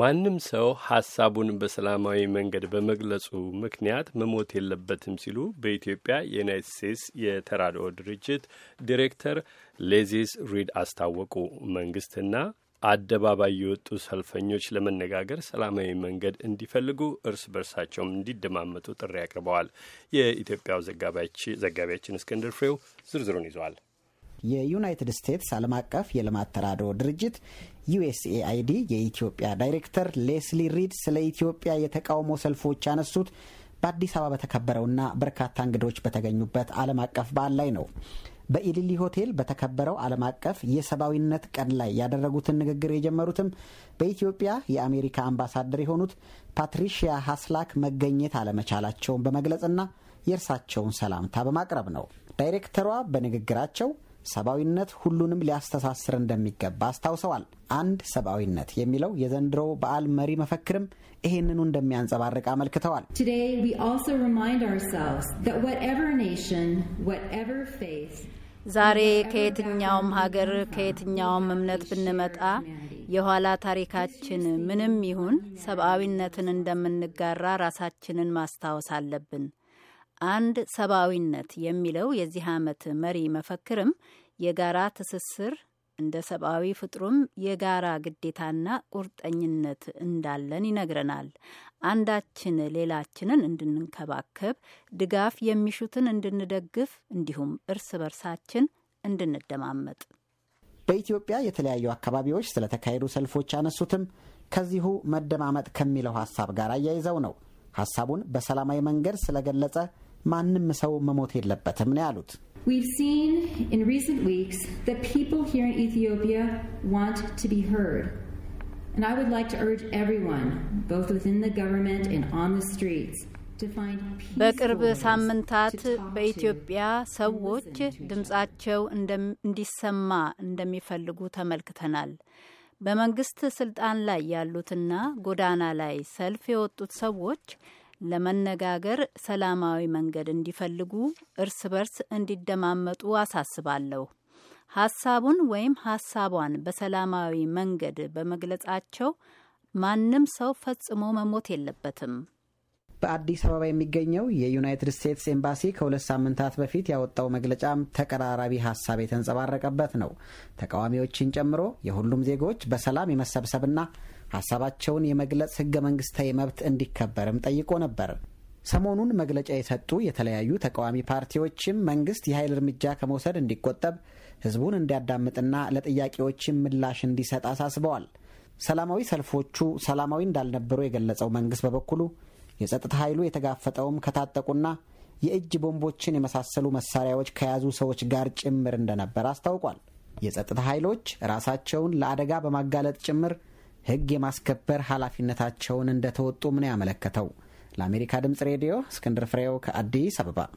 ማንም ሰው ሀሳቡን በሰላማዊ መንገድ በመግለጹ ምክንያት መሞት የለበትም ሲሉ በኢትዮጵያ የዩናይት ስቴትስ የተራድኦ ድርጅት ዲሬክተር ሌዚስ ሪድ አስታወቁ። መንግስትና አደባባይ የወጡ ሰልፈኞች ለመነጋገር ሰላማዊ መንገድ እንዲፈልጉ እርስ በርሳቸውም እንዲደማመጡ ጥሪ አቅርበዋል። የኢትዮጵያው ዘጋቢያችን እስክንድር ፍሬው ዝርዝሩን ይዟል። የዩናይትድ ስቴትስ ዓለም አቀፍ የልማት ተራድኦ ድርጅት ዩኤስኤአይዲ የኢትዮጵያ ዳይሬክተር ሌስሊ ሪድ ስለ ኢትዮጵያ የተቃውሞ ሰልፎች ያነሱት በአዲስ አበባ በተከበረውና በርካታ እንግዶች በተገኙበት ዓለም አቀፍ በዓል ላይ ነው። በኢሊሊ ሆቴል በተከበረው ዓለም አቀፍ የሰብአዊነት ቀን ላይ ያደረጉትን ንግግር የጀመሩትም በኢትዮጵያ የአሜሪካ አምባሳደር የሆኑት ፓትሪሺያ ሀስላክ መገኘት አለመቻላቸውን በመግለጽና የእርሳቸውን ሰላምታ በማቅረብ ነው። ዳይሬክተሯ በንግግራቸው ሰብአዊነት ሁሉንም ሊያስተሳስር እንደሚገባ አስታውሰዋል። አንድ ሰብአዊነት የሚለው የዘንድሮ በዓል መሪ መፈክርም ይህንኑ እንደሚያንጸባርቅ አመልክተዋል። ዛሬ ከየትኛውም ሀገር ከየትኛውም እምነት ብንመጣ የኋላ ታሪካችን ምንም ይሁን ሰብአዊነትን እንደምንጋራ ራሳችንን ማስታወስ አለብን። አንድ ሰብአዊነት የሚለው የዚህ ዓመት መሪ መፈክርም የጋራ ትስስር እንደ ሰብአዊ ፍጥሩም የጋራ ግዴታና ቁርጠኝነት እንዳለን ይነግረናል። አንዳችን ሌላችንን እንድንንከባከብ፣ ድጋፍ የሚሹትን እንድንደግፍ፣ እንዲሁም እርስ በርሳችን እንድንደማመጥ በኢትዮጵያ የተለያዩ አካባቢዎች ስለተካሄዱ ሰልፎች ያነሱትም ከዚሁ መደማመጥ ከሚለው ሀሳብ ጋር አያይዘው ነው። ሀሳቡን በሰላማዊ መንገድ ስለገለጸ ማንም ሰው መሞት የለበትም ነው ያሉት። We've seen in recent weeks that people here in Ethiopia want to be heard. And I would like to urge everyone, both within the government and on the streets, በቅርብ ሳምንታት በኢትዮጵያ ሰዎች ድምጻቸው እንዲሰማ እንደሚፈልጉ ተመልክተናል። በመንግስት ስልጣን ላይ ያሉትና ጎዳና ላይ ሰልፍ የወጡት ሰዎች ለመነጋገር ሰላማዊ መንገድ እንዲፈልጉ፣ እርስ በርስ እንዲደማመጡ አሳስባለሁ። ሀሳቡን ወይም ሀሳቧን በሰላማዊ መንገድ በመግለጻቸው ማንም ሰው ፈጽሞ መሞት የለበትም። በአዲስ አበባ የሚገኘው የዩናይትድ ስቴትስ ኤምባሲ ከሁለት ሳምንታት በፊት ያወጣው መግለጫም ተቀራራቢ ሀሳብ የተንጸባረቀበት ነው። ተቃዋሚዎችን ጨምሮ የሁሉም ዜጎች በሰላም የመሰብሰብና ሀሳባቸውን የመግለጽ ህገ መንግስታዊ መብት እንዲከበርም ጠይቆ ነበር። ሰሞኑን መግለጫ የሰጡ የተለያዩ ተቃዋሚ ፓርቲዎችም መንግስት የኃይል እርምጃ ከመውሰድ እንዲቆጠብ፣ ህዝቡን እንዲያዳምጥና ለጥያቄዎችም ምላሽ እንዲሰጥ አሳስበዋል። ሰላማዊ ሰልፎቹ ሰላማዊ እንዳልነበሩ የገለጸው መንግስት በበኩሉ የጸጥታ ኃይሉ የተጋፈጠውም ከታጠቁና የእጅ ቦምቦችን የመሳሰሉ መሳሪያዎች ከያዙ ሰዎች ጋር ጭምር እንደነበር አስታውቋል። የጸጥታ ኃይሎች ራሳቸውን ለአደጋ በማጋለጥ ጭምር ሕግ የማስከበር ኃላፊነታቸውን እንደተወጡም ነው ያመለከተው። ለአሜሪካ ድምፅ ሬዲዮ እስክንድር ፍሬው ከአዲስ አበባ